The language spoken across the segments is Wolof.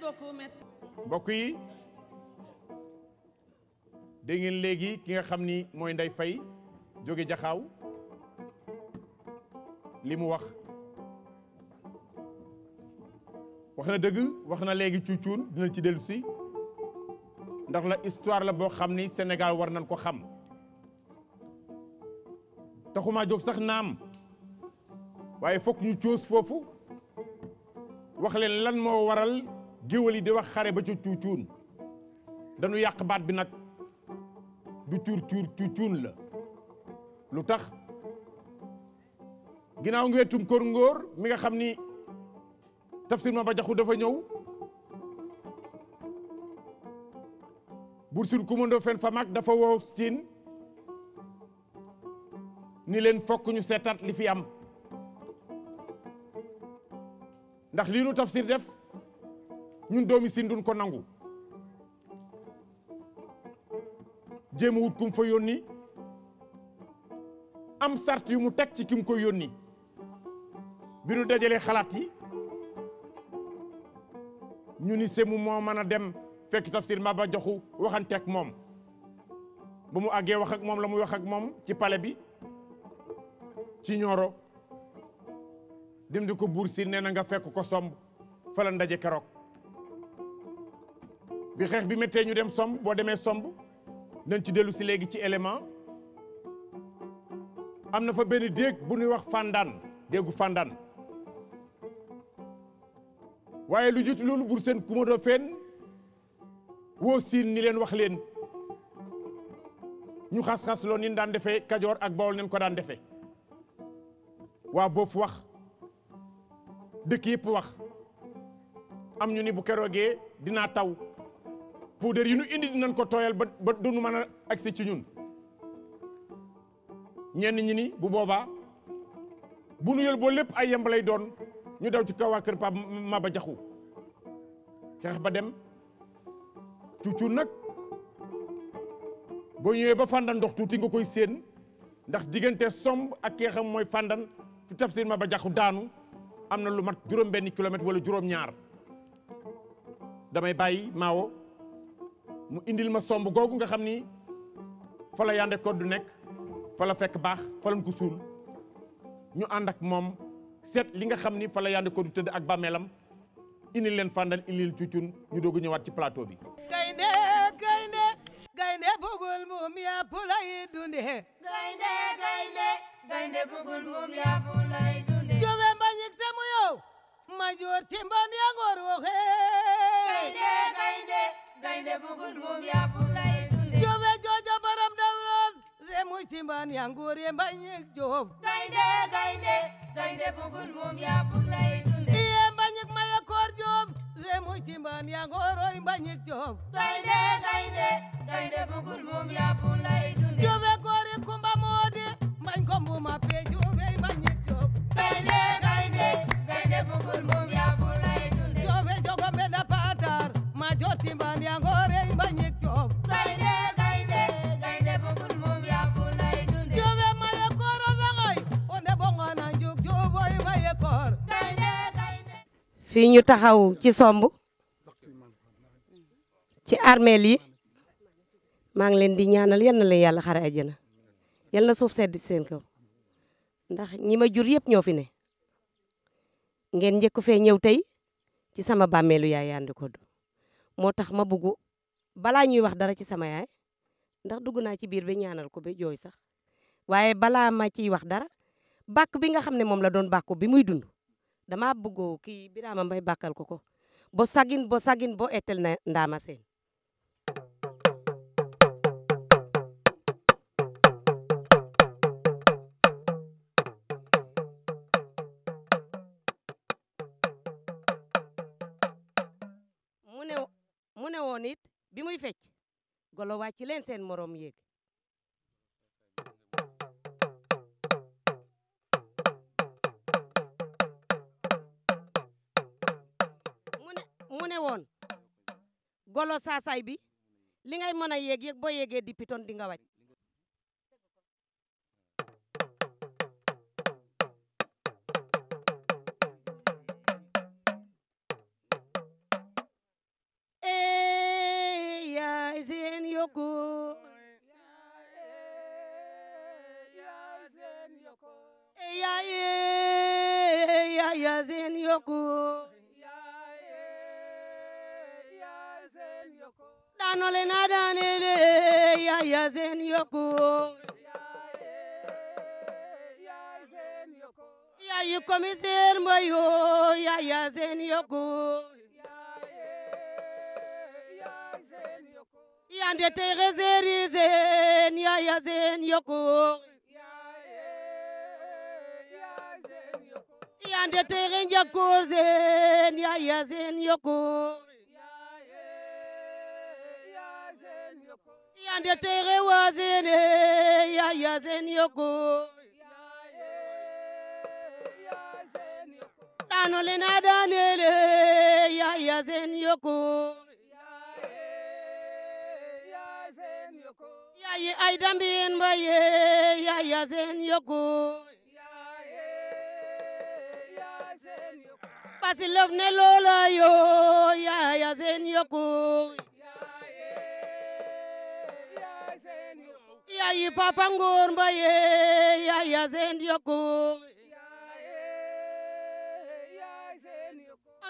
merci beaucoup mbokk yi dégg ngeen léegi ki nga xam ni mooy nday fay jóge Jaxaaw li mu wax wax na dëgg wax na léegi cuucuun dina ci dellu ndax la histoire la boo xam ni Sénégal war nañ ko xam taxumaa jóg sax naam waaye fokk ñu coos foofu wax leen lan moo waral géwél yi di wax xare ba ca cuucuun dañu yàq baat bi nag du cuur cuur cuucuun la lu tax ginnaaw ngi wetum kor ngoor mi nga xam ni tafsir ma ba jaxu dafa ñëw bur sin kumandoo fen fa mag dafa woo siin ni leen fokk ñu seetaat li fi am ndax lii nu tafsir def ñun doomi Sine duñ ko nangu jéem a wut fa yónni am sart yu mu teg ci ki mu koy yónni bi nu dajalee xalaat yi ñu ni semu moo mën a dem fekk tafsir Maba Jaxu waxanteeg moom ba mu àggee wax moom la muy wax ak moom ci pale bi ci ñooro dim di ko buur si nee na nga fekk ko somb fa la ndaje keroog bi xeex bi méttee ñu dem somb boo demee somb nañ ci dellu si léegi ci élément am na fa benn déeg bu ñuy wax fandaan déegu fandaan waaye lu jiitu loolu bur seen kumado feen woo siin ni leen wax leen ñu xas-xas loo nin daan defee kajoor ak bawol nen ko daan defee waa boofu wax dëkk yëpp wax am ñu ni bu keroogee dinaa taw puudar yi nu indi dinañ ko tooyal ba du duñu ma a agsi ci ñun ñenn ñi ni bu boobaa bu nu yël boo lépp ay yemb doon ñu daw ci kaw waa kër Pape Maba Jaxu xeex ba dem cuucu nag boo ñëwee ba fàndan ndox tuuti nga koy séen ndax diggante somb ak keexam mooy fàndan fi ma ba Jaxu daanu am na lu mat juróom benn kilomètre wala juróom ñaar damay bàyyi maawo mu indil ma somb googu nga xam ni fa la yande nekk fa fekk baax fa lañ ko suul ñu ànd moom set li nga xam ni fa la yande ko tëdd ak bàmmeelam indil leen fàndal indil cucun ñu doog ñëwaat ci plateau bi. gaynde gaynde gaynde bugul moom yàpp lay dunde. gaynde gaynde gaynde bugul moom yàpp lay dunde. jove mbañik te yow ma joor timban ya ngor waxe. gaynde gaynde bugul moom yaa bu lay dunde joobe jooja baram dawroon re muy simbaan yaa nguur ye mbay joob gaynde gaynde gaynde bugul moom yaa bu lay dunde iye mbay ñeeg maya koor joob re muy simbaan yaa ngooroy mbay joob gaynde gaynde gaynde bugul moom yaa bu lay dunde joobe koor ye kumba moode joob gaynde fii ñu taxaw ci somb ci armeel yi maa ngi leen di ñaanal yal na leen yàlla xare àjjana yal na suuf sedd seen kaw ndax ñi ma jur yépp ñoo fi ne ngeen njëkk fee ñëw tey ci sama bàmmeelu yaay Yandi Codou moo tax ma bugg balaa ñuy wax dara ci sama yaay ndax dugg naa ci biir ba ñaanal ko ba jooy sax waaye balaa ma ciy wax dara bàkk bi nga xam ne moom la doon bàkku bi muy dund dama bëggo kii Birama Mbaye bakkal ko ko bo sagin bo sagin bo etel na Ndama Seen mu ne mu ne woon it bi muy fecc golo wàcc leen seen morom yéeg golo saasaay bi li ngay mën a yéeg yéeg boo yéegee di piton di nga wàcc yaay yaay yaay seen yokku anole na daanele yaya seen yokku yayi commissaire Mboye yoo yaya seen yokku yande tey reseeri seen yaya seen yokku yande tey njakkoor seen yaya seen yokku yande tere wazene ya yazen yoko dano lena danele ya yazen yoko yayi ay dambin baye ya yazen yoko basi lof ne lola yo yi papa nguur mba yee yaay ya seen yokku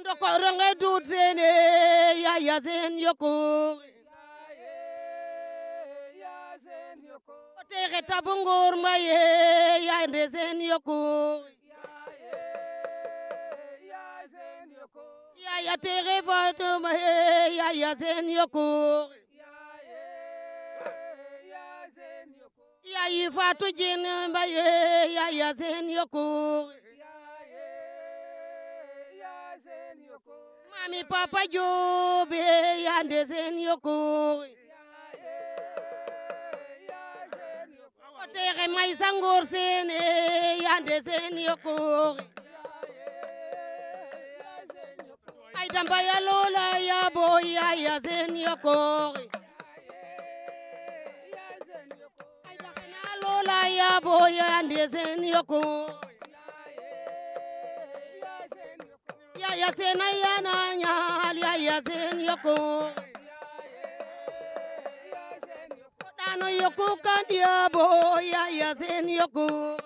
ndoko rënge duut seen yaay ya seen yokku o teexe tabu nguur mba yee yaay seen yokku yaay ya teexe yee yaay seen yokku yayi faatu jin mbaye yayi seen yokku mami papa Jóob yande seen yokku seen yande ay damba ya loola ya booy seen yokku la ya boya ande sen yoko ya ya sen ya na nya ya ya sen yoko dano yoko kan dia boya ya sen yoko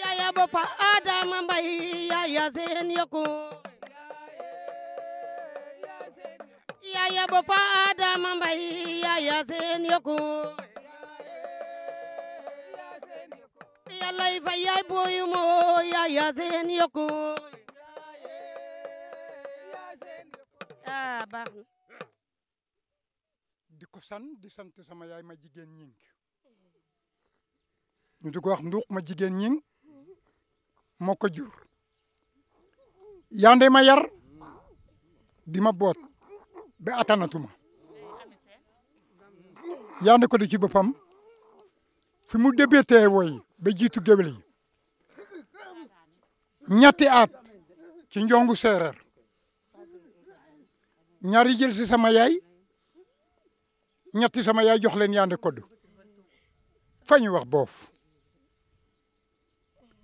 ya ya bo pa adam mbai ya ya sen yoko ya seen yokku yàlla fa yaay booyu moo seen yokku ah, di ko san di sant sama yaay ma jigéen ñing ñu di ko wax ma jigéen ñing moo jur yaande ma yar di ma boot ba attanatuma yaandi ko ci boppam fi mu débétee woy ba jiitu géwél yi ñetti at ci njongu séeréer ñaari jël si sama yaay ñetti sama yaay jox leen yaandi kodd fa wax boof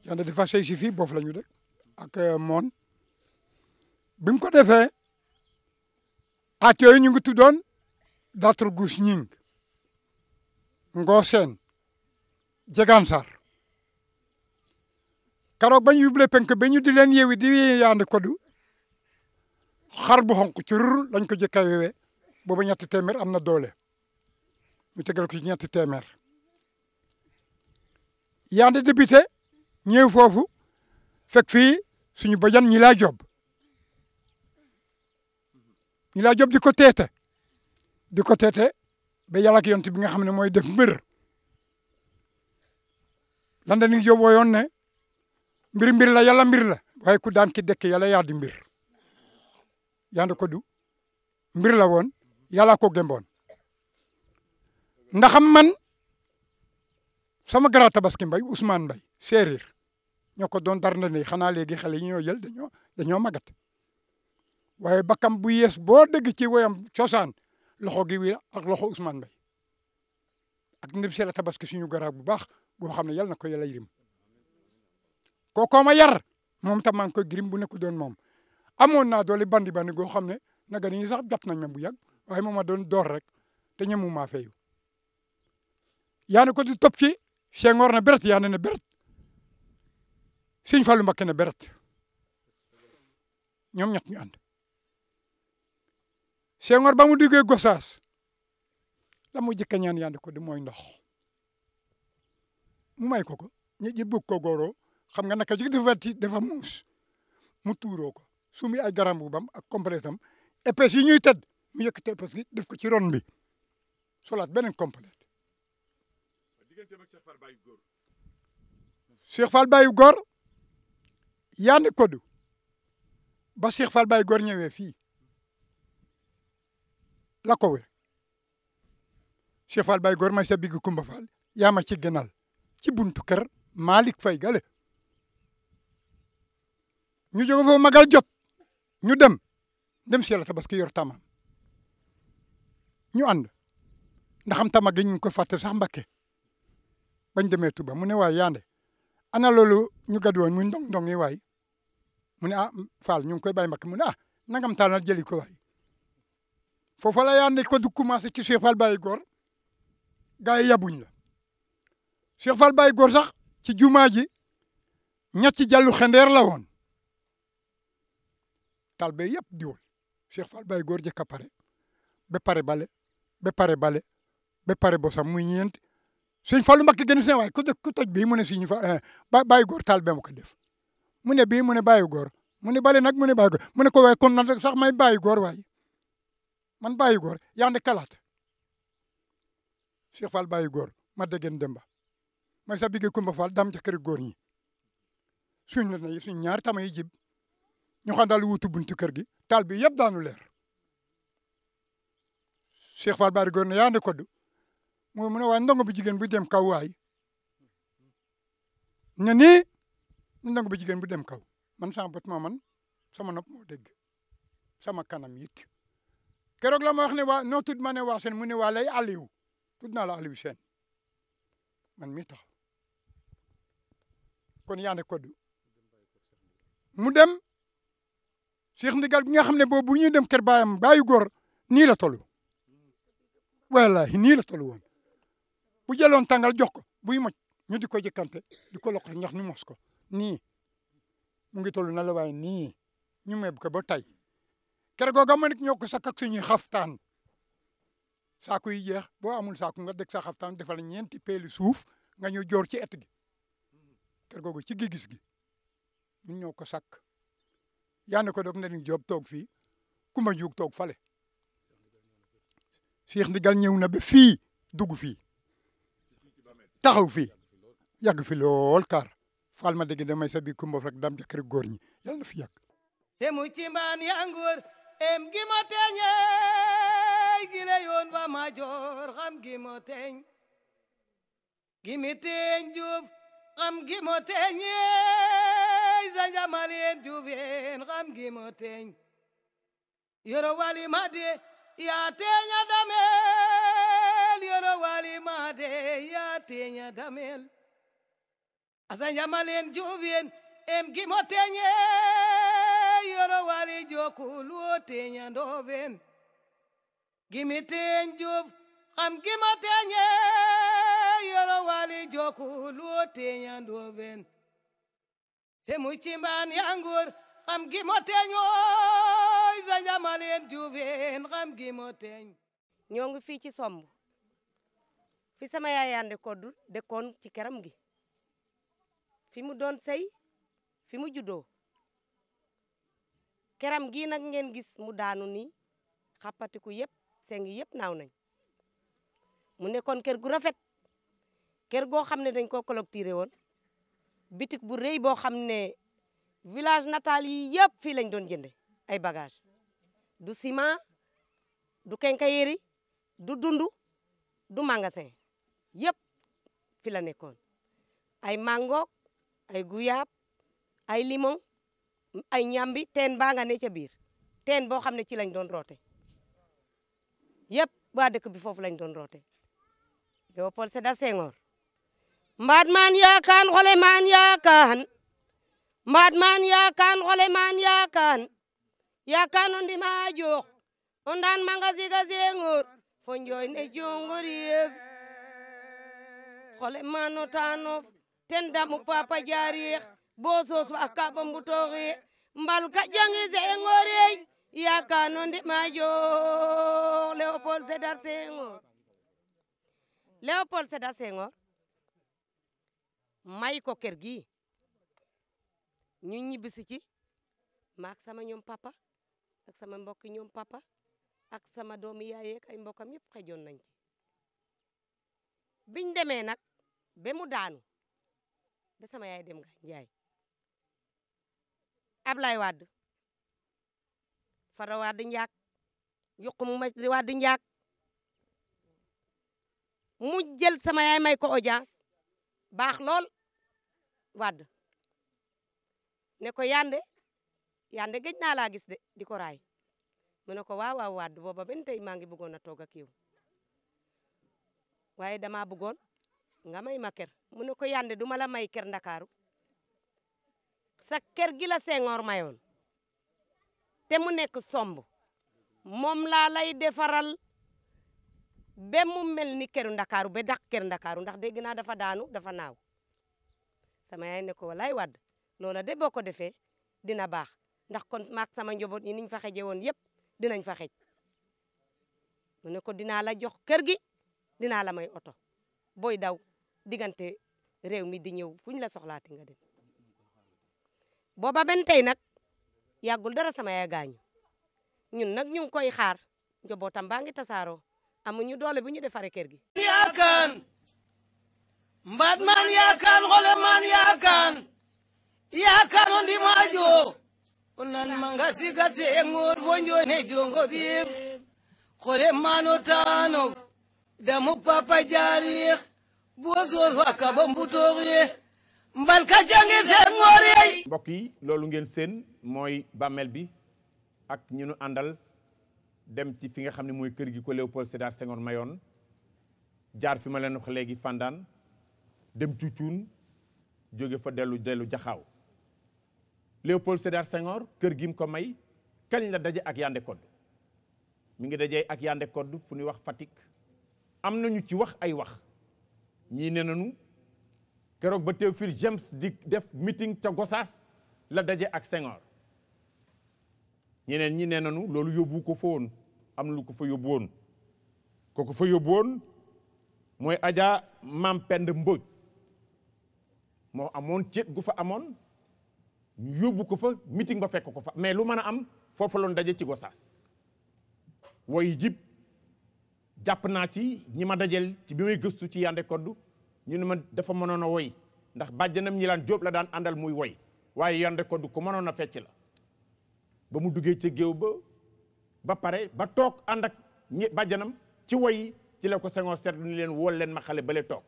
yaandi dafa sey si fii boof la ñu ak euh, moon bi mu ko defee at yooyu ñu ngi tuddoon Dator Gus Ñing Ngooseen Jegaan Sar karoog ba ñu yublee penk ba ñu di leen yeewi di yaandi kodu xar bu xonq ci rur ko jëkka wewe booba ñetti téeméer am na doole ñu tegal ko ci ñetti téeméer yaandi député ñëw foofu fekk fii suñu bajan ñi laa job ñu laa job di ko teete di ko teete ba yàlla ak bi nga xam ne mooy def mbir lan da ni joboo yoon ne mbir mbir la yàlla mbir la waaye ku daan ki dekk yàlla yaa di mbir yaanda ko mbir la woon yàlla ko gemboon ndaxam man sama gara tabaski mbay Ousmane Mbay séeréer ñoo ko doon dar na ne xanaa léegi xale ñoo jël dañoo dañoo màggat waaye bakkam bu yees boo dégg ci woyam cosaan loxo gi wi ak loxo Ousmane Mbaye ak ndib see la tabaski suñu garaag bu baax goo xam ne yàlla na ko yàlla yërëm kookoo ma yar moom tam maa ngi koy gërëm bu nekk doon moom amoon naa doole bandi bandi goo xam ne naga ni sax jot nañ ma bu yàgg waaye moom ma doon door rek te ñemu maa feeyu yaa ne ko di topp ci Senghor na beret yaa ne ne beret Sëñ Fallu Mbakke ne beret ñoom ñett ñu Senghor ba mu duggee Gosaas la mu jëkk ñaan yàlla ko mooy ndox mu may ko ko ñu ñu bëgg ko xam nga naka jig dafa watti muus mu tuuroo ko su muy ay garam bu bam ak complet am yi ñuy ted mu yëkkati épaisse gi def ko ci ron bi solaat beneen complet Cheikh Fall Baye Gor Yandi Koddu ba Cheikh Fall Baye Gor ñëwee fii lakowe chefal bay gor may sa bigg kumba faal yaa ma ci gënal ci buntu kër Malick Faye gale ñu jóge foofu magal jot ñu dem dem si yàlla tabaski yor tamaam ñu ànd ndax am tama gi ñu ngi ko fàtte sax Mbàkke bañ demee Tuba mu ne waay yaande ana loolu ñu gàddu woon muy ndong ndong yi waay mu ne ah Fall ñu ngi koy bàyyi Mbàkke mu ne ah nangam taal na jëli ko waay foofa la yaa ne ko du commencé ci Cheikh Fall Baye Gor ga yi yabuñ la Cheikh Fall Baye Gor sax ci jumaa ji ñetti jàllu xendeer la woon talbe yëpp diwol Cheikh Fall Baye Gor jëkk a pare ba pare bale ba pare bale ba pare bosam mu ñeent sëñ Fallu Mbakke gën seen waay ku dëkk ku toj bii mu ne suñu fa eh, Baye Gor talbe mu ko def mu ne bii mu ne Gor mu ne bale nag mu ne Baye Gor mu ne ko waaye kon nag sax may Baye Gor waay man bàyyi góor yaa kalaat Cheikh Fall bàyyi góor ma déggen demba may sa bigge Kumba Fall dam ca kër góor ñi suñ la ne suñ ñaari tama yi jib ñu xam wutu buntu kër gi taal bi yëpp daanu leer Cheikh Fall bàyyi góor ne yaa koddu mu mu ne waaye ndongo bu jigéen bu dem kaw waay ne ndongo bu jigéen bu dem kaw man sama bët moo man sama nopp moo dégg sama kanam it keroog la ma wax ne waa noo tudd ma ne waa seen mu ne waa lay tudd naa la Aliou Sène man mi kon yaa ne mu dem Cheikh Ndigal bi xam ne boobu bu ñuy dem kër baayam baayu góor nii la toll wallahi nii la toll bu jëloon tàngal jox ko buy moj ñu di ko jëkkante di ko loqal ñax ñu ko nii mu ngi toll na la waaye nii ñu meeb ko ba kere googa ma nit ñoo ko sakk suñuy xaftaan saaku yi jeex boo amul saaku nga deg sa xaftaan defal ñeenti peelu suuf nga ñëw joor ci et gi kere googa ci gigis gi ñun ñoo ko sakk yaa ko dog nañu joob toog fii kumba njuug toog fale Cheikh Ndigal ñëw na ba fii dugg fii taxaw fii yàgg fi lool kaar faal ma dégg damay sa bi kumba rek dam jakari góor ñi yàlla na fi yàgg semu ci mbaan ya em gi ma teñey gi la yoon ba ma joor xam gi ma teñ gi mi teñ juuf xam gi ma teñey sa njamal yeen juuf yeen xam gi ma teñ yoro wali ma de yaa teña damel yoro wali ma de yaa teña damel asa njamal yeen juuf yeen em gi ma teñey kulwo teña ndoven gimi teñ jub xam gima teñe yoro wali jo kulwo teña ndoven semu cimban yangur xam gimo teñoy sa njamaleen juven xam gimo teñ ñoo fii ci somb fi sama yaayaande koddu dëkkoon ci këram gi fi mu doon sey fi mu juddoo keram gii nag ngeen gis mu daanu nii xappatiku yëpp seng yëpp naaw nañ mu nekkoon kër gu rafet kër goo xam ne dañ koo clôturer woon bitik bu rëy boo xam ne village natal yi yëpp fii lañ doon jënde ay bagage du ciment du kenkayeri du dundu du magasin yëpp fi la nekkoon ay mango ay guyaab ay limon ay ñambi teen baa ne ca biir teen boo xam ne ci lañ doon roote yëpp waa bi foofu lañ doon roote Léopold Sédar Senghor mbaat maan yaakaan xole maan yaakaan mbaat maan yaakaan xole maan yaakaan yaakaan o ndimaa joox o ndaan manga siga seengoor ne jongoor yeef xole maan o ten damu papa jaar bo soso akka ɓombutoxe mbal ka ƴangi se'engoorey yakano ndemajo léopold sédar senghor léopold sédar senghor may ko kër gi ñu ñibbisi ci maak sama ñoom papa ak sama mbokki ñoom papa ak sama doomi yaay yeeg ay mbokkam yëpp xejoon nañ ci biñ demee nag ba mu daanu ba sama yaay dem nga njaay Ablaye Wade Fara Wade Ndiak Yuxum Wade Ndiak mu jël sama yaay ma ko audience baax lool Wade ne ko yande yande gëj naa laa gis de di ko raay mu ne ko waaw waaw Wade booba benn tey maa ngi bëggoon a toog ak yow waaye dama bëggoon nga may ma kër mu ko yande duma la may kër Ndakaaru sa kër gi la Senghor mayoon te mu nekk somb moom laa lay defaral ba mu mel ni këru ndakaaru ba dàq kër ndakaaru ndax dégg naa dafa daanu dafa naaw sama yaay ne ko walaay wadd de boo ko defee dina baax ndax kon maak sama njaboot yi niñ fa xeje woon yëpp dinañ fa xej mu ne ko dinaa la jox kër gi dinaa la may oto booy daw diggante réew mi di ñëw fu la soxlaati nga dem booba benn tey nag yàggul dara sama yaay gaañu ñun nag ñu ngi koy xaar njabootam baa ngi tasaaroo amuñu doole bu ñu defaree kër gi. yaakaan mbaat maan yaakaan xole maan yaakaan yaakaan ondi maajo onan manga siga seengoor wonjo ne jongo biir xole maano taano damu papa jaarix boo soor wa kaba mbutoog ye mbal ka jàngi seen moor yey mbokk yi loolu ngeen seen mooy bàmmeel bi ak ñu nu àndal dem ci fi nga xam ne mooy kër gi ko Léopold Sédar Senghor mayoon jaar fi ma leen wax léegi Fandaan dem cuucuun jóge fa dellu dellu jaxaw Léopold Sédar Senghor kër gi mu ko may kañ la daje ak Yandé Codou mi ngi dajee ak Yandé Codou fu ñuy wax Fatick am na ñu ci wax ay wax ñii ne nañu keroog ba Théophile James di def meeting ca Gossas la daje ak Senghor ñeneen ñi nee nañu loolu yóbbu ko fa woon am lu ko fa yóbbuwoon woon ko ko fa yóbbuwoon mooy aja Mam Pend Mbodj moo amoon céet fa amoon ñu yóbbu ko fa meeting ba fekk ko fa mais lu mën a am foofu loon daje ci Gossas woy jib jàpp naa ci ñi ma dajel ci bi may gëstu ci Yandé Codou ñu ne ma dafa mënoon a woy ndax bàjjanam ñi laan jóob la daan àndal muy woy waaye Yandé Codou ku mënoon a fecc la ba mu duggee ci géew ba ba pare ba toog ànd ak ñi bàjjanam ci woy ci la ko Senghor seetlu ni leen wool leen ma xale bale toog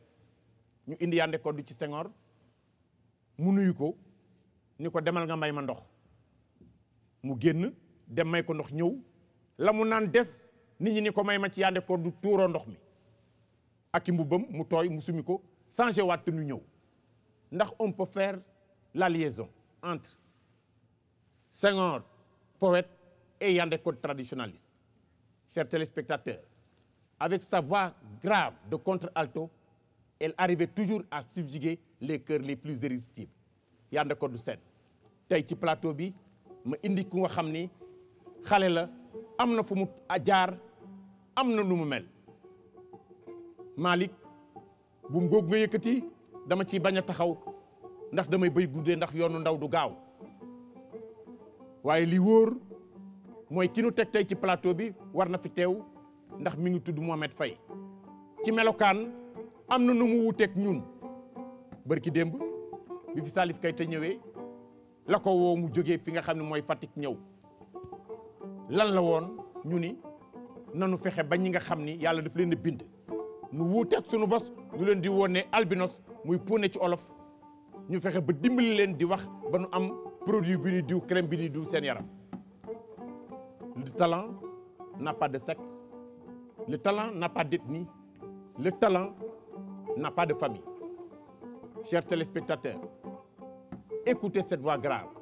ñu indi Yandé Codou ci Senghor mu nuyu ko ni ko demal nga may ma ndox mu génn dem may ko ndox ñëw la mu naan des nit ñi ni ko may ma ci Yandé Codou tuuroo ndox mi ak i mbubbam mu tooy mu sumi ko changé waat te ñëw ndax on peut faire la liaison entre Senghor poète et Yandé Code traditionnaliste chers téléspectateurs avec sa voix grave de contre-alto el arrivait toujours à subjuguer les cœurs les plus irrésistibles Yandé Code du tey ci plateau bi ma indi ku nga xam ni xale la am na fu mu jaar am na lu mu mel Malick buum googu nga yëkkati dama ciy bañ a taxaw ndax damay bay guddee ndax yoonu ndaw du gaaw waaye li wóor mooy ki nu teg tey ci plateau bi war na fi teew ndax mi ngi tudd Mohamed fay ci melokaan am na nu mu wuteeg ñun bërki démb bi fi Salif te ñëwee la ko woo mu jógee fi nga xam ne mooy Fatick ñëw lan la woon ñu ni nanu fexe ba ñi nga xam ni yàlla daf leen bind nu wuuteeg sunu bos ñu leen di wone albinos muy puune ci olof ñu fexe ba dimbali leen di wax ba nu am produit bi ni diw crème bi ni diw seen yaram le talent n'a pas de sexe le talent n'a pas d'ethnie le talent n'a pas de famille chers téléspectateurs écoutez cette voix grave